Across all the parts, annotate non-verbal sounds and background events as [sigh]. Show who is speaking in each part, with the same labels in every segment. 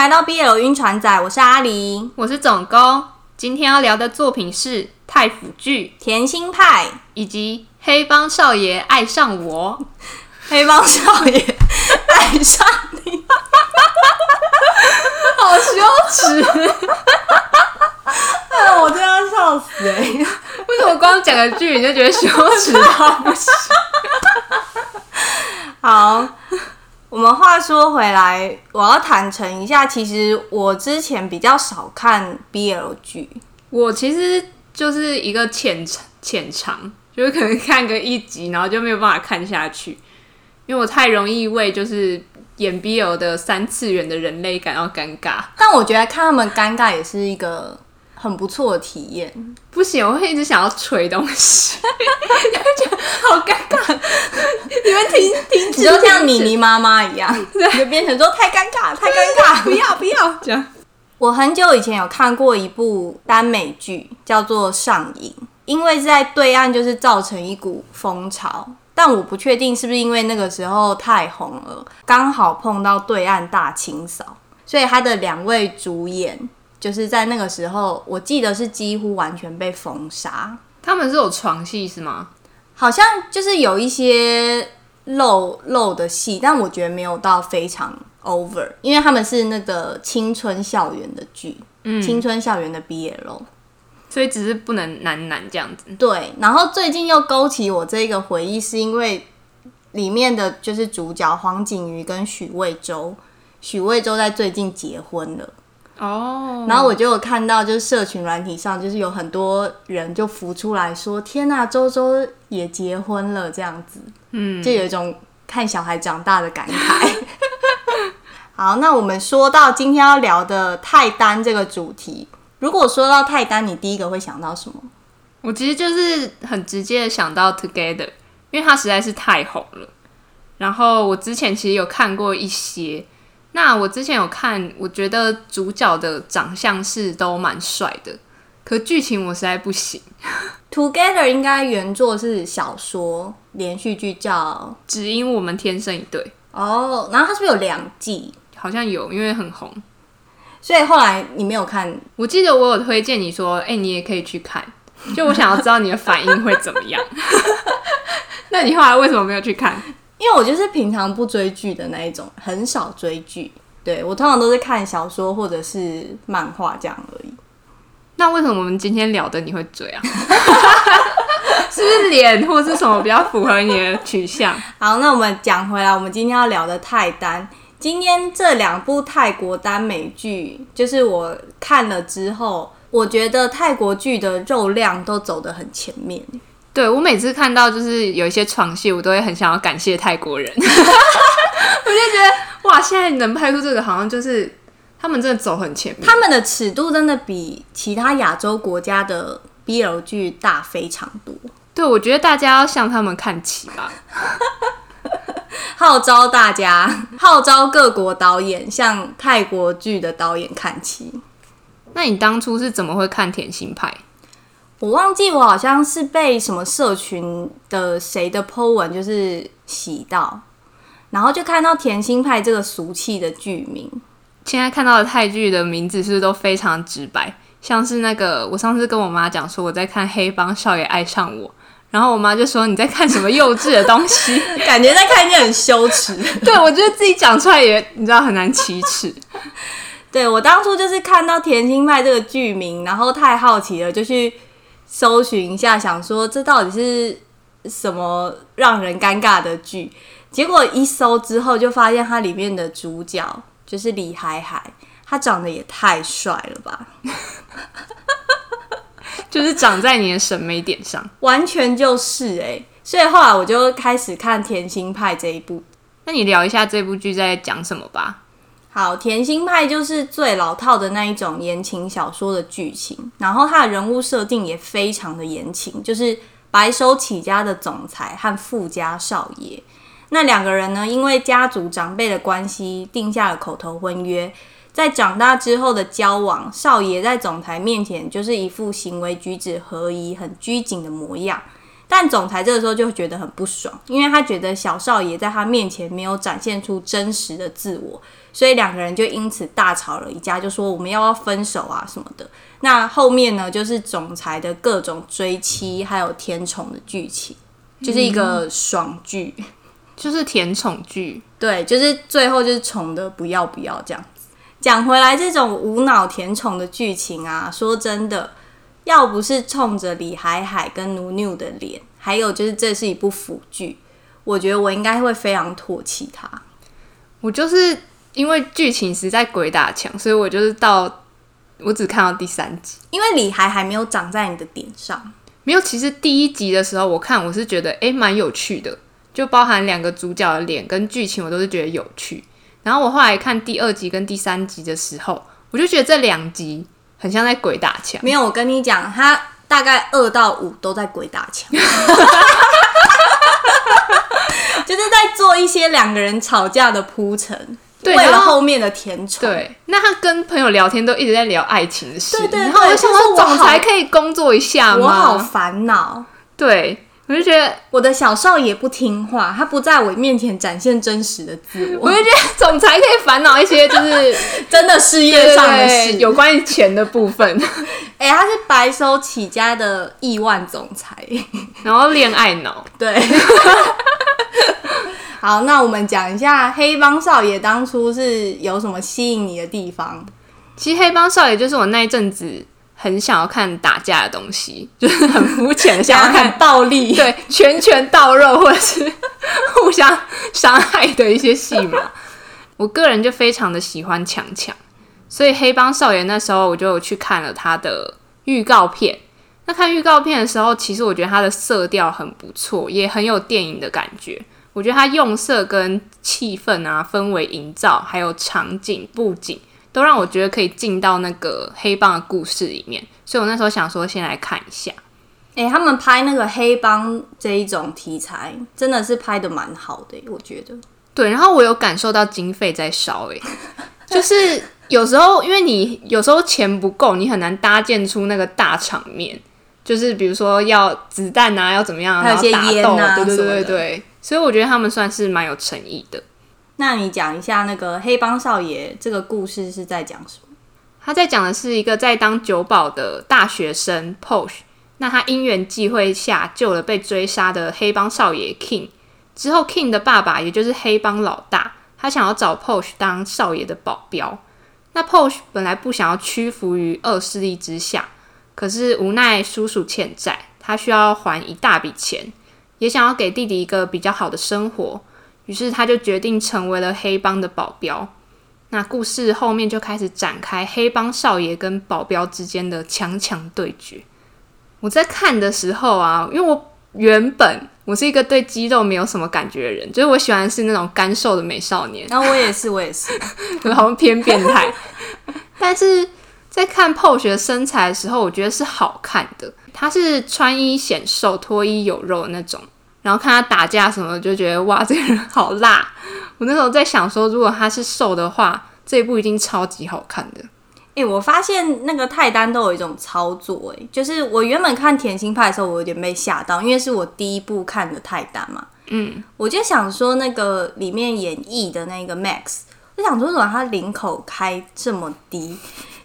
Speaker 1: 來到 BL 暈船仔，我是阿狸，我是總工。今天要聊的作品是《泰腐劇》《甜心派》以及《黑幫少爺愛上我》。黑幫少爺愛上你，你 [laughs] 好羞恥恥， [laughs] 我真的要笑死哎、欸！為什麼光講個劇你就覺得羞恥？好。 [laughs] 好我們話說回來，我要坦誠一下，其實我之前比較少看 BL 劇，我其實就是一個淺淺嘗，就是可能看個一集，然後就沒有辦法看下去，因為我太容易為就是演 BL 的三次元的人類感到尷尬。 [laughs] 但我覺得看他們尷尬也是一個。很不錯的體驗，不行，我會一直想要錘東西， [laughs] 你會覺得好尷尬， [laughs] 你們停停止，你就像妮妮媽媽一樣，對你就變成說太尷尬，太尷尬，對對對，不要不要 [laughs] 這樣。我很久以前有看過一部耽美劇，叫做《上癮》，因為在對岸就是造成一股風潮，但我不確定是不是因為那個時候太紅了，剛好碰到對岸大清掃，所以他的兩位主演。就是在那個時候，我記得是幾乎完全被封殺。他們是有床戲是嗎？好像就是有一些露露的戲，但我覺得沒有到非常 over，因為他們是那個青春校園的劇，嗯、青春校園的 BL，所以只是不能男男這樣子。對，然後最近又勾起我這個回憶，是因為裡面的就是主角黃景瑜跟許魏洲，許魏洲在最近結婚了。哦，oh, 然後我就有看到，就是社群軟體上，就是有很多人就浮出來說：“天哪、啊，周周也結婚了！”這樣子，嗯，就有一種看小孩長大的感慨。 [laughs] [laughs] 好，那我們說到今天要聊的泰耽這個主題，如果說到泰耽，你第一個會想到什麼？我其實就是很直接的想到 Together，因為它實在是太紅了。然後我之前其實有看過一些。那我之前有看，我覺得主角的長相是都蠻帥的，可劇情我實在不行。Together 應該原作是小說，連續劇叫《只因我們天生一對》哦。Oh, 然後它是不是有兩季？好像有，因為很紅。所以後來你沒有看？我記得我有推薦你說，哎、欸，你也可以去看。
Speaker 2: 就我想要
Speaker 1: 知道你的反應會怎麼樣。 [laughs] [laughs] 那你後來為什麼沒有去看？因為我就是平常不追劇的那一種，很少追劇。對，我通常都是看小說或者是漫畫這樣而已。那為什麼我們今天聊的你會追啊？ [laughs] [laughs] 是不是臉或是什麼比較符合你的取向？ [laughs] 好，那我們講回來，我們今天要聊的泰耽，今天這兩部泰國耽美劇，就是我看了之後，我覺得泰國劇的肉量都走得很前面。對，我每次看到就是有一些床戲，我都會很想要感謝泰國人， [laughs] 我就覺得哇，現在能拍出這個，好像就是他們真的走很前面，他們的尺度真的比其他亞洲國家的 BL 劇大非常多。對，我覺得大家要向他們看齊吧， [laughs] 號召大家，號召各國導演向泰國劇的導演看齊。那你當初是怎麼會看甜心派？我忘記我好像是被什麼社群的誰的 po 文就是洗到，然後就看到《甜心派》這個俗氣的劇名。現在看到的泰劇的名字是不是都非常直白？像是那個我上次跟我媽講說我在看《黑幫少爺愛上我》，然後我媽就說你在看什麼幼稚的東西， [laughs] 感覺在看一件很羞恥。 [laughs] 對，我覺得自己講出來也你知道很難啟齒。 [laughs] 對，我當初就是看到《甜心派》這個劇名，然後太好奇了，就去、是。搜尋一下，想說這到底是什麼讓人尷尬的劇？結果一搜之後，就發現它裡面的主角就是李海海，他長得也太帥了吧！就是長在你的審美點上，完全就是欸。所以後來我就開始看《甜心派》這一部。那你聊一下這部劇在講什麼吧。好，甜心派就是最老套的那一種言情小說的劇情，然後他的人物設定也非常的言情，就是白手起家的總裁和富家少爺。那兩個人呢，因為家族長輩的關係，定下了口頭婚約。在長大之後的交往，少爺在總裁面前就是一副行為舉止合宜、很拘謹的模樣。但總裁這個時候就覺得很不爽，因為他覺得小少爺在他面前沒有展現出真實的自我。所以兩個人就因此大吵了一架，就說我們要不要分手啊什麼的。那後面呢，就是總裁的各種追妻，還有甜寵的劇情，
Speaker 2: 就是一個
Speaker 1: 爽劇、嗯，就是甜寵劇。對，就是最後就是寵的不要不要這樣子。講回來，這種無腦甜寵的劇情啊，說真的，要不是衝着李海海跟 NuNew 的臉，還有就是這是一部腐劇，我覺得我應該會非常唾棄他。我就是。因為劇情實在鬼打牆，所以我就是到我只看到第三集，因為李海海還沒有長在你的點上。沒有，其實第一集的時候，我看我是覺得誒蠻、欸、有趣的，就包含兩個主角的臉跟劇情，我都是覺得有趣。然後我後來看第二集跟第三集的時候，我就覺得這兩集很像在鬼打牆。沒有，我跟你講，他大概二到五都在鬼打牆， [laughs] [laughs] 就是在做一些兩個人吵架的鋪陳。對，然後，後面的甜寵。對，那他跟朋友聊天都一直在聊愛情的事。對對對，然後我就想說，總裁可以工作一下嗎？我好煩惱。對，我就覺得我的小少爺不聽話，他不在我面前展現真實的自我。我就覺得總裁可以煩惱一些，就是 [laughs] 真的事業上的事，對對對，有關於錢的部分。哎、欸，他是白手起家的億萬總裁，然後戀愛腦。對。 [laughs] 好，那我們講一下《黑幫少爺》當初是有什麼吸引你的地方？其實《黑幫少爺》就是我那一陣子很想要看打架的東西，就是很膚淺， [laughs] 想要看暴力，倒立。對，拳拳到肉，或者是互相傷害的一些戲碼。 [laughs] 我個人就非常的喜歡強強，所以《黑幫少爺》那時候我就去看了他的預告片。那看預告片的時候，其實我覺得他的色調很不錯，也很有電影的感覺。我覺得它用色跟氣氛啊、氛圍營造，還有場景佈景，都讓我覺得可以進到那個黑幫的故事裡面。所以我那時候想說，先來看一下。哎、欸，他們拍那個黑幫這一種題材，真的是拍得蠻好的、欸。我覺得對，然後我有感受到經費在燒、欸，哎， [laughs] 就是有時候因為你有時候錢不夠，你很難搭建出那個大場面。就是比如說要子彈啊，要怎麼樣，還有些打鬥、啊，對對對對。所以我覺得他們算是蠻有誠意的。那你講一下那個黑幫少爺這個故事是在講什麼？他在講的是一個在當酒保的大學生 Porsche，那他因緣際會下救了被追殺的黑幫少爺 Kinn，之後 Kinn 的爸爸也就是黑幫老大，他想要找 Porsche 當少爺的保鏢。那 Porsche 本來不想要屈服於惡勢力之下，可是無奈叔叔欠債，他需要還一大筆錢。也想要給弟弟一個比較好的生活，於是他就決定成為了黑幫的保鏢。那故事後面就開始展開黑幫少爺跟保鏢之間的強強對決。我在看的時候啊，因為我原本我是一個對肌肉沒有什麼感覺的人，就是我喜歡的是那種乾瘦的美少年。那我也是，我也是，然後 [laughs] 偏變態。 [laughs] 但是在看 Porsche 身材的時候，我覺得是好看的。他是穿衣顯瘦脫衣有肉的那種，然後看他打架什麼，就覺得哇，這個人好辣！我那時候在想說，如果他是瘦的話，這一部一定超級好看的。哎、欸，我發現那個泰丹都有一種操作、欸，哎，就是我原本看甜心派的時候，我有點被嚇到，因為是我第一部看的泰丹嘛，嗯，我就想說那個裡面演繹的那個 Max，我想說怎麼，他領口開這麼低。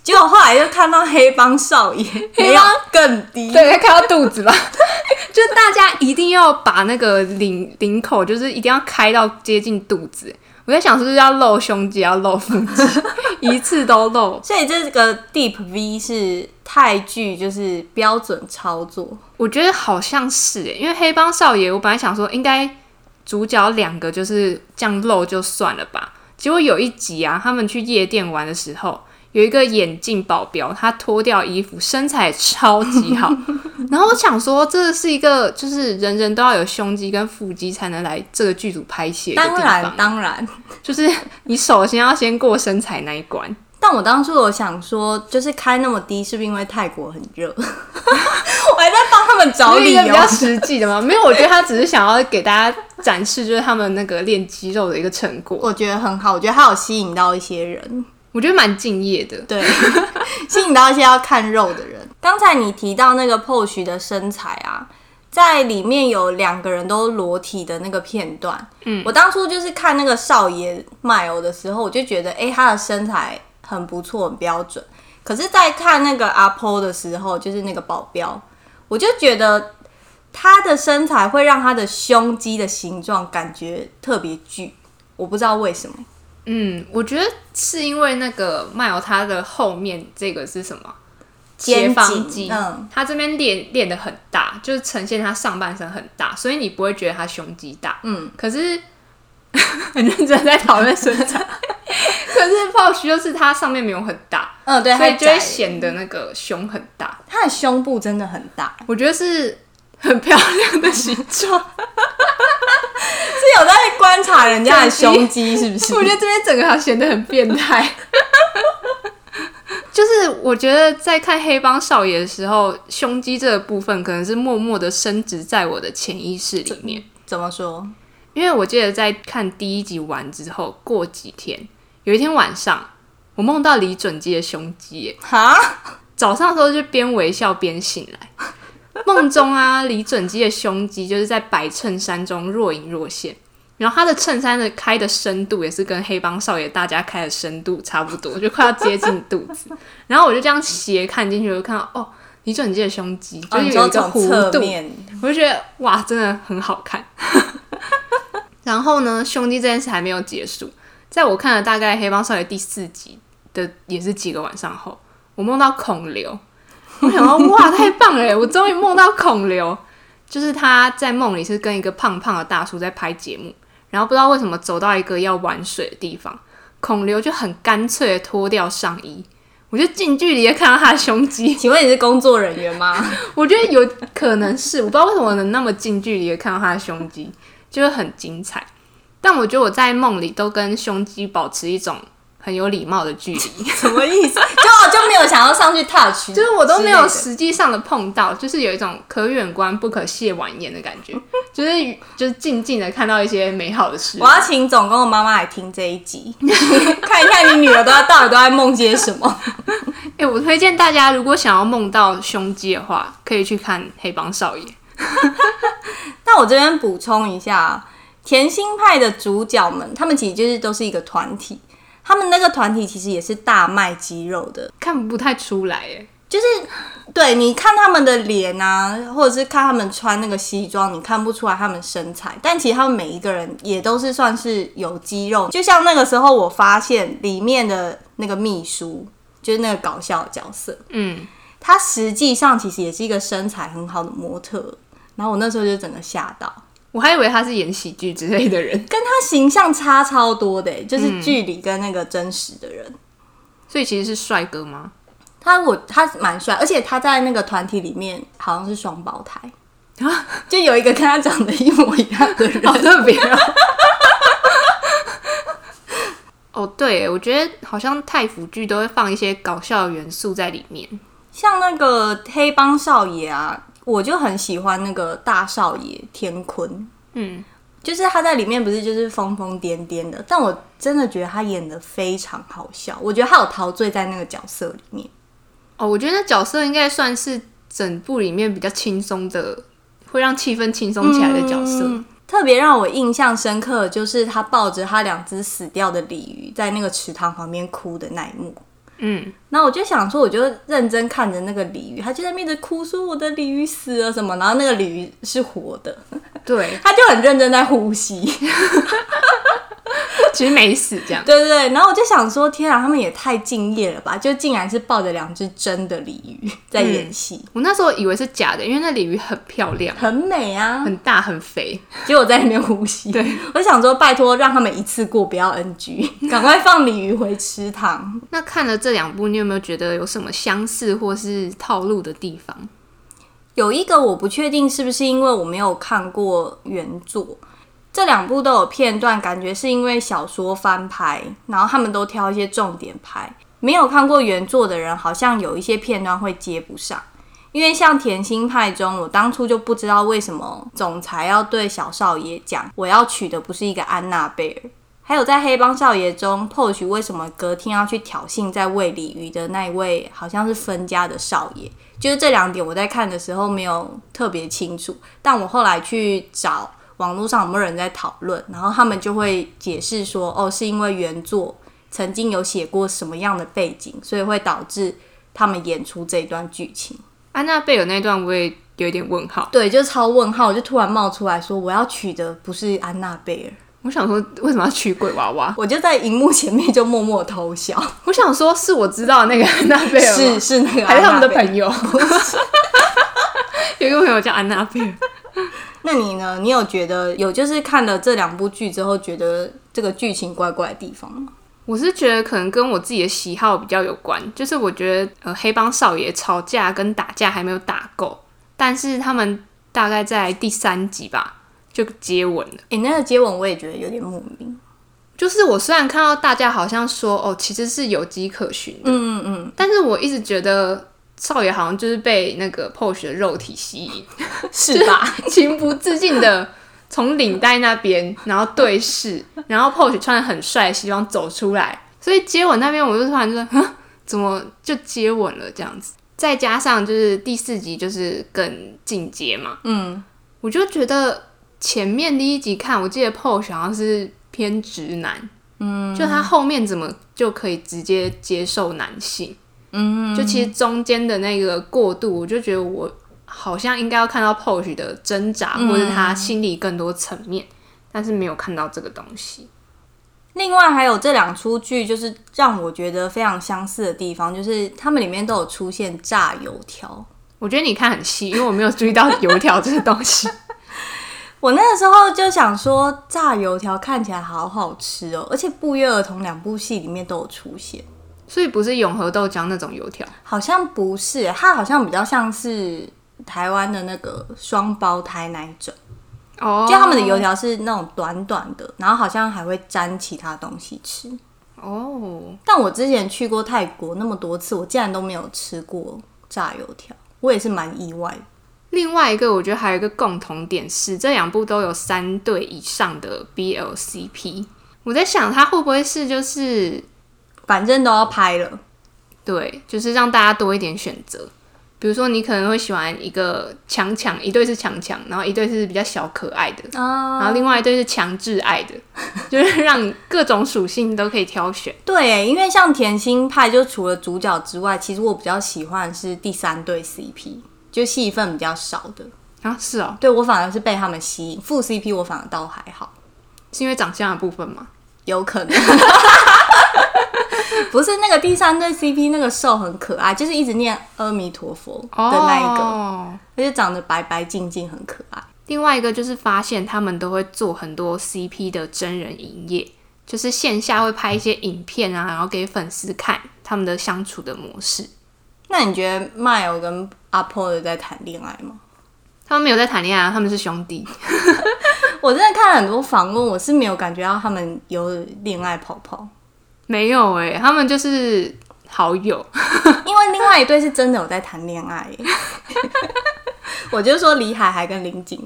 Speaker 1: 結果後來又看到黑幫少爺，黑幫幫幫更低，對，看到肚子吧， [laughs] 就是大家一定要把那個領領口，就是一定要開到接近肚子。我在想是不是要露胸肌，要露腹肌， [laughs] 一次都露。所以這個 deep V 是泰劇就是標準操作，我覺得好像是誒，因為黑幫少爺，我本來想說應該主角兩個就是這樣露就算了吧。結果有一集啊，他們去夜店玩的時候。有一個眼鏡保鏢，他脫掉衣服，身材也超級好。 [laughs] 然後我想說，這是一個就是人人都要有胸肌跟腹肌才能來這個劇組拍戲。當然，當然，就是你首先要先過身材那一關。但我當初我想說，就是開那麼低，是不是因為泰國很熱？ [laughs] 我還在幫他們找理由，比較實際的嗎？對沒有，我覺得他只是想要給大家展示，就是他們那個練肌肉的一個成果。我覺得很好，我覺得他有吸引到一些人。我覺得蠻敬業的， [laughs] 對，吸引到一些要看肉的人。剛 [laughs] 才你提到那個 Porsche 的身材啊，在裡面有兩個人都裸體的那個片段，嗯，我當初就是看那個少爺 Mile 的時候，我就覺得，哎、欸，他的身材很不錯，很標準。可是，在看那個 Apo 的時候，就是那個保鏢，我就覺得他的身材會讓他的胸肌的形狀感覺特別巨，我不知道為什麼。嗯，我覺得是因為那個 Mile 他的後面這個是什麼斜方肌，嗯，他這邊練練的很大，就是呈現他上半身很大，所以你不會覺得他胸肌大，嗯，可是呵呵很認真在討論身材， [laughs] 可是 Porsche 就是他上面沒有很大，嗯，對，所以就會顯得那個胸很大，他的胸部真的很大，我覺得是。很漂亮的形狀， [laughs] 是有在觀察人家的胸肌，是不是？我覺得這邊整個好像顯得很變態。 [laughs] 就是我覺得在看《黑幫少爺》的時候，胸肌這個部分可能是默默的升值在我的潛意識裡面。怎麼說？因為我記得在看第一集完之後，過幾天有一天晚上，我夢到李準基的胸肌耶。哈蛤，早上的時候就邊微笑邊醒來。夢中啊，李準基的胸肌就是在白襯衫中若隱若現，然後他的襯衫的開的深度也是跟黑幫少爺大家開的深度差不多，就快要接近肚子。然後我就這樣斜看進去，我就看到哦，李準基的胸肌就是有一個弧度，我就覺得哇，真的很好看。 [laughs] 然後呢，胸肌這件事還沒有結束，在我看了大概黑幫少爺第四集的也是幾個晚上後，我夢到孔劉。我想到，哇，太棒了！我終於夢到孔劉，就是他在夢裡是跟一個胖胖的大叔在拍節目，然後不知道為什麼走到一個要玩水的地方，孔劉就很乾脆的脫掉上衣，我就近距離的看到他的胸肌。請問你是工作人員嗎？ [laughs] 我覺得有可能是，我不知道為什麼能那麼近距離的看到他的胸肌，就是很精彩。但我覺得我在夢裡都跟胸肌保持一種，很有禮貌的距離， [laughs] 什麼意思？就就沒有想要上去 touch，就是我都沒有實際上的碰到，就是有一種可遠觀不可褻玩焉的感覺， [laughs] 就是就是靜靜的看到一些美好的事、啊。我要請總工的媽媽來聽這一集， [laughs] 看一看你女兒都到底都在夢些什麼。哎、 [laughs] 欸，我推薦大家，如果想要夢到胸肌的話，可以去看黑幫少爺《黑幫少爺》。那我這邊補充一下，甜心派的主角們，他們其實就是都是一個團體。他們那個團體其實也是大賣肌肉的，看不太出來耶。就是對，你看他們的臉啊，或者是看他們穿那個西裝，你看不出來他們身材。但其實他們每一個人也都是算是有肌肉。就像那個時候，我發現裡面的那個秘書，就是那個搞笑的角色，嗯，他實際上其實也是一個身材很好的模特。然後我那時候就整個嚇到。我還以為他是演喜劇之類的人，跟他形象差超多的，就是劇裡跟那個真實的人，嗯、所以其實是帥哥嗎？他我他蠻帥，而且他在那個團體裡面好像是雙胞胎 [laughs] 就有一個跟他長得一模一樣的人，好特別哦， [laughs] [laughs] oh, 對，我覺得好像泰腐劇都會放一些搞笑元素在裡面，像那個黑幫少爺啊。我就很喜歡那個大少爺天坤，嗯，就是他在裡面不是就是瘋瘋癲癲的，但我真的覺得他演得非常好笑，我覺得他有陶醉在那個角色裡面。哦，我覺得那角色應該算是整部裡面比較輕鬆的，會讓氣氛輕鬆起來的角色。嗯、特別讓我印象深刻，就是他抱着他兩隻死掉的鯉魚在那個池塘旁邊哭的那一幕。嗯，那我就想說，我就認真看着那個鯉魚，他就在那哭說我的鯉魚死了什麼，然後那個鯉魚是活的，對，他就很認真在呼吸。 [laughs] 其實沒死，這樣對對對，然後我就想說，天啊，他們也太敬業了吧！就竟然是抱着兩隻真的鯉魚在演戲，嗯。我那時候以為是假的，因為那鯉魚很漂亮，很美啊，很大，很肥。結果我在那邊呼吸。對，我想說，拜托，讓他們一次過，不要 NG，趕快放鯉魚回池塘。 [laughs] 那看了這兩部，你有沒有覺得有什麼相似或是套路的地方？有一個我不確定，是不是因為我沒有看過原作。這兩部都有片段，感覺是因為小說翻拍，然後他們都挑一些重點拍。沒有看過原作的人，好像有一些片段會接不上。因為像《甜心派》中，我當初就不知道為什麼總裁要對小少爺講“我要娶的不是一個安娜貝爾”。還有在《黑幫少爺》中，Porsche 為什麼隔天要去挑釁在餵鯉魚的那一位，好像是分家的少爺。就是這兩點，我在看的時候沒有特別清楚，但我後來去找。網絡上有沒有人在討論？然後他們就會解釋說，哦，是因為原作曾經有寫過什麼樣的背景，所以會導致他們演出這一段劇情。安娜貝爾那段我也有一點問號，對，就超問號，我就突然冒出來說，我要娶的不是安娜貝爾。我想說，為什麼要娶鬼娃娃？我就在熒幕前面就默默偷笑。 [laughs] 我想說，是我知道的那個安娜貝爾， [laughs] 是是那個，還是他們的朋友？是 [laughs] [laughs] 有一個朋友叫安娜貝爾。那你呢？你有覺得有就是看了這兩部劇之後，覺得這個劇情怪怪的地方嗎？我是覺得可能跟我自己的喜好比較有關，就是我覺得呃黑幫少爺吵架跟打架還沒有打夠，但是他們大概在第三集吧就接吻了。誒、欸，那個接吻我也覺得有點莫名。就是我雖然看到大家好像說，哦，其實是有跡可循，嗯嗯嗯，但是我一直覺得。少爺好像就是被那個 Porsche 的肉體吸引，是吧？情不自禁的從領帶那邊，然後對視，然後 Porsche 穿的很帥的西裝走出來，所以接吻那邊我就突然就說：“怎麼就接吻了？”這樣子，再加上就是第四集就是更進階嘛。嗯，我就覺得前面第一集看，我記得 Porsche 好像是偏直男，嗯，就他後面怎麼就可以直接接受男性？嗯，就其實中間的那個過渡，我就覺得我好像應該要看到 Porsche 的掙扎，或是他心理更多層面，但是沒有看到這個東西。另外還有這兩出劇，就是讓我覺得非常相似的地方，就是他們裡面都有出現炸油條。我覺得你看很細，因為我沒有注意到油條這個東西。 [laughs] 我那個時候就想說，炸油條看起來好好吃哦，而且不約而同兩部戲裡面都有出現。所以不是永和豆漿那種油條，好像不是、欸，它好像比較像是台灣的那個雙胞胎那一種，哦、oh，就他們的油條是那種短短的，然後好像還會沾其他東西吃，哦、oh。但我之前去過泰國那麼多次，我竟然都沒有吃過炸油條，我也是蠻意外。另外一個，我覺得還有一個共同點是，這兩部都有三對以上的 BLCP，我在想它會不會是就是。反正都要拍了，對，就是讓大家多一點選擇。比如說，你可能會喜歡一個強強，一對是強強，然後一對是比較小可愛的，uh、然後另外一對是強制愛的，就是讓各種屬性都可以挑選。 [laughs] 對，因為像甜心派，就除了主角之外，其實我比較喜歡是第三對 CP，就戲份比較少的啊。是哦、喔，對我反而是被他們吸引，副 CP 我反而倒還好，是因為長相的部分嗎？有可能。 [laughs] 不是那個第三對 CP，那個受很可愛，就是一直念阿彌陀佛的那一個，哦、而且長得白白淨淨，很可愛。另外一個就是發現他們都會做很多 CP 的真人營業，就是線下會拍一些影片啊，然後給粉絲看他們的相處的模式。那你覺得 Mile 跟 Apo 有在談戀愛嗎？他們沒有在談戀愛、啊，他們是兄弟。 [laughs] [laughs] 我真的看了很多訪問，我是沒有感覺到他們有戀愛泡泡。沒有誒、欸，他們就是好友， [laughs] 因為另外一對是真的有在談戀愛。 [laughs] [laughs] 我就說李海海跟林景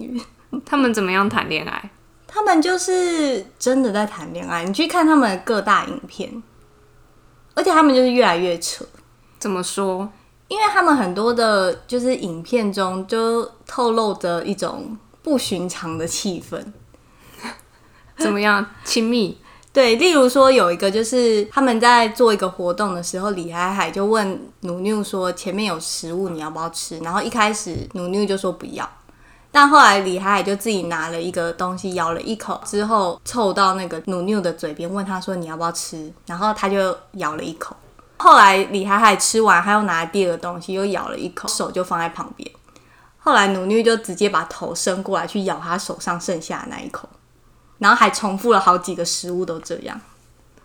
Speaker 1: 雲，他們怎麼樣談戀愛？他們就是真的在談戀愛，你去看他們的各大影片，而且他們就是越來越扯。怎麼說？因為他們很多的，就是影片中就透露着一種不尋常的氣氛，怎麼樣親密？ [laughs] 對，例如說有一個就是他們在做一個活動的時候，李海海就問 NuNew 說：“前面有食物，你要不要吃？”然後一開始 NuNew 就說不要，但後來李海海就自己拿了一個東西咬了一口，之後湊到那個 NuNew 的嘴邊問他說：“你要不要吃？”然後他就咬了一口。後來李海海吃完，他又拿第二個東西又咬了一口，手就放在旁邊。後來 NuNew 就直接把頭伸過來去咬他手上剩下的那一口。然後還重複了好幾個食物都這樣，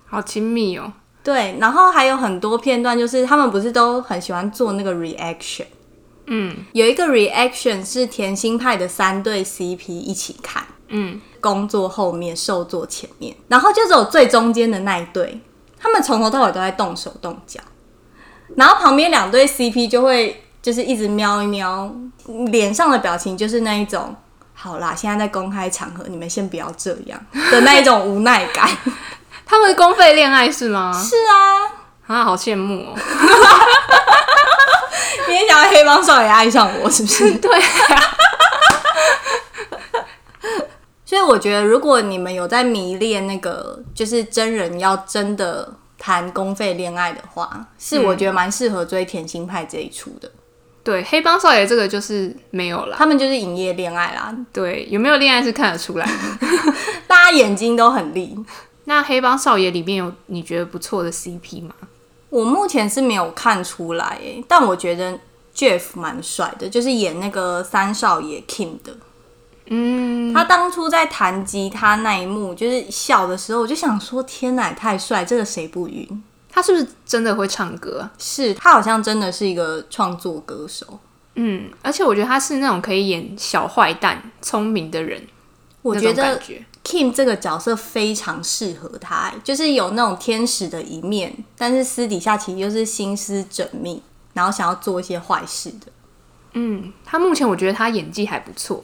Speaker 1: 好親密哦。對，然後還有很多片段，就是他們不是都很喜歡做那個 reaction？嗯，有一個 reaction 是甜心派的三對 CP 一起看，嗯，攻坐後面，受坐前面，然後就是有最中間的那一對，他們從頭到尾都在動手動腳，然後旁邊兩對 CP 就會就是一直瞄一瞄，臉上的表情就是那一種。好啦，現在在公開場合，你們先不要這樣的那一種無奈感。 [laughs] 他們公費戀愛是嗎？是啊，啊，好羨慕哦。 [laughs] [laughs] 你也想要黑幫少爺愛上我是不是？ [laughs] 對、啊、 [laughs] 所以我覺得，如果你們有在迷戀那個，就是真人要真的談公費戀愛的話，是、嗯、我覺得蠻適合追甜心派這一出的。對，黑幫少爺這個就是沒有啦，他們就是營業戀愛啦。對，有沒有戀愛是看得出來的， [laughs] 大家眼睛都很利。那黑幫少爺裡面有你覺得不錯的 CP 嗎？我目前是沒有看出來、欸，但我覺得 Jeff 蠻帥的，就是演那個三少爺 Kinn 的。嗯，他當初在彈吉他那一幕，就是小的時候，我就想說，天哪，太帥，這個誰不暈？他是不是真的會唱歌啊？是他好像真的是一個創作歌手。嗯，而且我覺得他是那種可以演小壞蛋、聰明的人。
Speaker 2: 我覺得
Speaker 1: Kim 這個角色非常適合他，就是有那種天使的一面，但是私底下其實就是心思縝密，然後想要做一些壞事的。嗯，他目前我覺得他演技還不錯，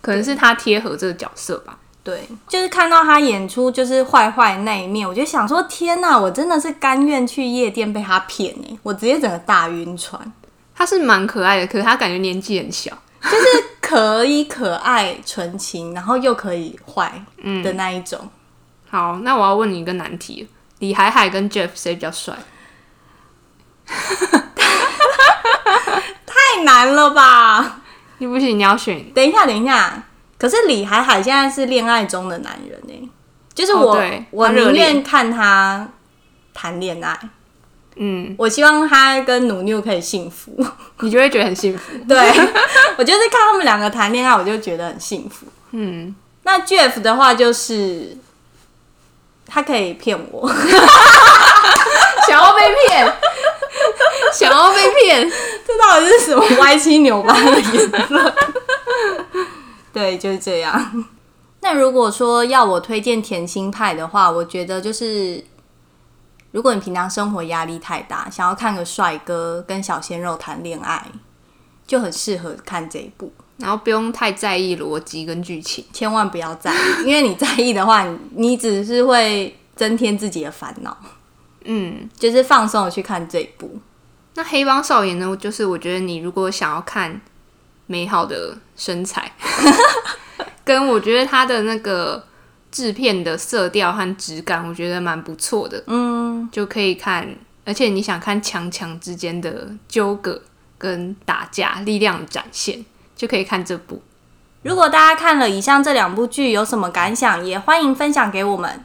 Speaker 1: 可能是他貼合這個角色吧。對，就是看到他演出，就是壞壞那一面，我就想說：天哪，我真的是甘願去夜店被他騙耶，我直接整個大暈船。他是蠻可愛的，可是他感覺年紀很小，就是可以可愛、純情，然後又可以壞的那一種、嗯。好，那我要問你一個難題：李海海跟 Jeff 誰比較帥？ [laughs] 太難了吧！你不行，你要選。等一下，等一下。可是李海海現在是戀愛中的男人呢、欸，就是我、哦、對我寧願看他談戀愛，嗯，我希望他跟努努可以幸福，你就會覺得很幸福。對， [laughs] 我就是看他們兩個談戀愛，我就覺得很幸福。嗯，那 Jeff 的話就是他可以騙我， [laughs] 想要被騙， [laughs] 想要被騙， [laughs] 被這到底是什麼歪七扭八的顏色？ [laughs] 對，就是這樣。 [laughs] 那如果說要我推薦甜心派的話，我覺得就是，如果你平常生活壓力太大，想要看個帥哥跟小鮮肉談戀愛，就很適合看這一部。然後不用太在意邏輯跟劇情，千萬不要在意， [laughs] 因為你在意的話你，你只是會增添自己的煩惱。嗯，就是放鬆的去看這一部。那黑幫少爺呢？就是我覺得你如果想要看。美好的身材， [laughs] 跟我覺得它的那個製片的色調和質感，我覺得蠻不錯的。嗯，就可以看，而且你想看強強之間的糾葛跟打架、力量展現，就可以看這部。如果大家看了以上這兩部劇，有什麼感想，也歡迎分享給我們。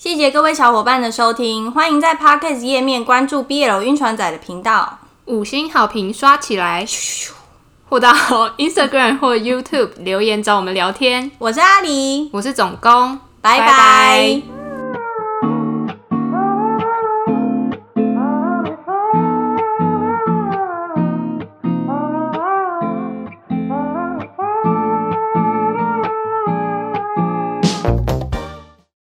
Speaker 1: 謝謝各位小伙伴的收聽，歡迎在 Podcast 頁面關注 BL 暈船仔的頻道，五星好評刷起來！或到 Instagram 或 YouTube 留言 [laughs] 找我們聊天。我是阿里，我是總工，
Speaker 2: 拜拜。拜拜。